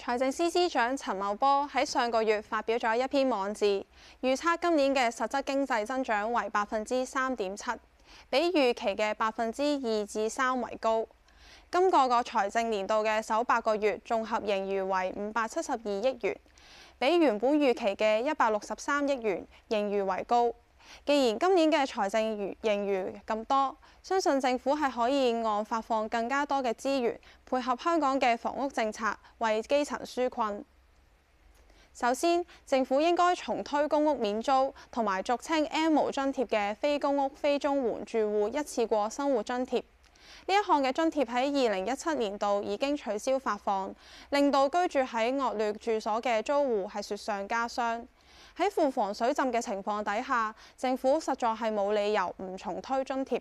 財政司司長陳茂波喺上個月發表咗一篇網誌，預測今年嘅實質經濟增長為百分之三點七，比預期嘅百分之二至三為高。今個個財政年度嘅首八個月，綜合盈餘為五百七十二億元，比原本預期嘅一百六十三億元盈餘為高。既然今年嘅財政盈餘咁多，相信政府係可以按發放更加多嘅資源，配合香港嘅房屋政策為基層紓困。首先，政府應該重推公屋免租同埋俗稱 M 津貼嘅非公屋非中援住戶一次過生活津貼。呢一項嘅津貼喺二零一七年度已經取消發放，令到居住喺惡劣住所嘅租戶係雪上加霜。喺庫房水浸嘅情況底下，政府實在係冇理由唔重推津貼。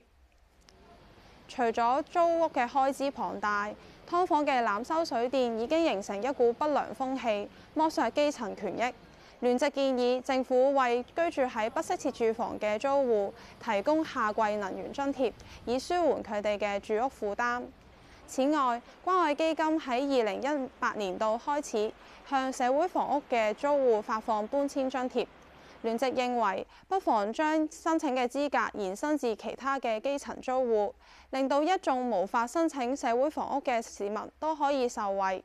除咗租屋嘅開支龐大，劏房嘅濫收水電已經形成一股不良風氣，剝削基層權益。聯席建議政府為居住喺不適切住房嘅租戶提供夏季能源津貼，以舒緩佢哋嘅住屋負擔。此外，關愛基金喺二零一八年度開始向社會房屋嘅租戶發放搬遷津貼，聯席認為不妨將申請嘅資格延伸至其他嘅基層租戶，令到一眾無法申請社會房屋嘅市民都可以受惠。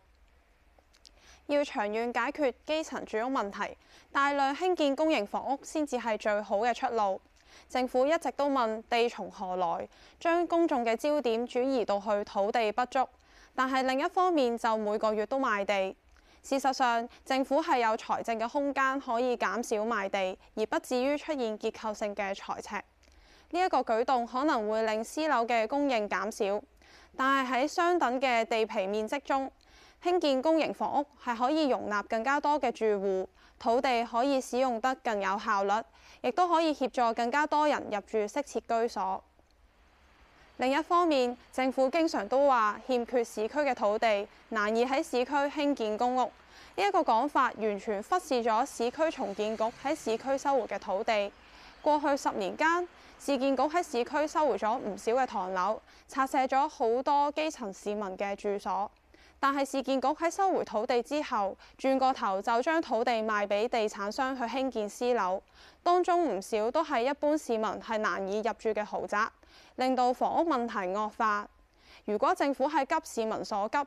要長遠解決基層住屋問題，大量興建公營房屋先至係最好嘅出路。政府一直都問地從何來，將公眾嘅焦點轉移到去土地不足。但係另一方面，就每個月都賣地。事實上，政府係有財政嘅空間可以減少賣地，而不至於出現結構性嘅財赤。呢一個舉動可能會令私樓嘅供應減少，但係喺相等嘅地皮面積中，興建公營房屋係可以容納更加多嘅住戶。土地可以使用得更有效率，亦都可以協助更加多人入住適切居所。另一方面，政府經常都話欠缺市區嘅土地，難以喺市區興建公屋。呢一個講法完全忽視咗市區重建局喺市區收回嘅土地。過去十年間，市建局喺市區收回咗唔少嘅唐樓，拆卸咗好多基層市民嘅住所。但係市建局喺收回土地之後，轉過頭就將土地賣俾地產商去興建私樓，當中唔少都係一般市民係難以入住嘅豪宅，令到房屋問題惡化。如果政府係急市民所急，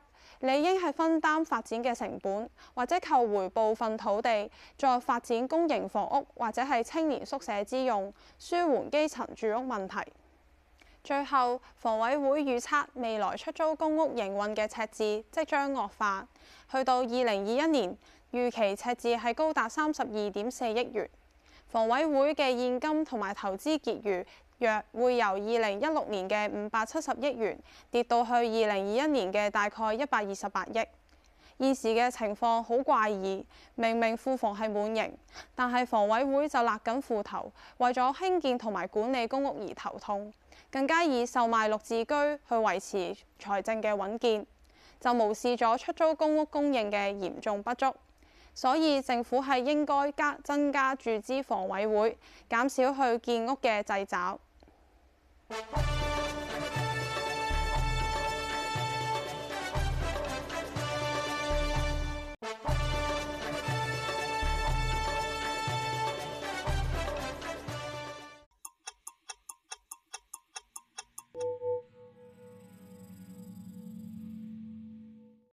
理應係分擔發展嘅成本，或者扣回部分土地，再發展公營房屋或者係青年宿舍之用，舒緩基層住屋問題。最後，房委會預測未來出租公屋營運嘅赤字即將惡化，去到二零二一年，預期赤字係高達三十二點四億元。房委會嘅現金同埋投資結餘，約會由二零一六年嘅五百七十億元跌到去二零二一年嘅大概一百二十八億。現時嘅情況好怪異，明明庫房係滿盈，但係房委會就勒緊褲頭，為咗興建同埋管理公屋而頭痛，更加以售賣綠置居去維持財政嘅穩健，就無視咗出租公屋供應嘅嚴重不足。所以政府係應該加增加注資房委會，減少去建屋嘅掣肘。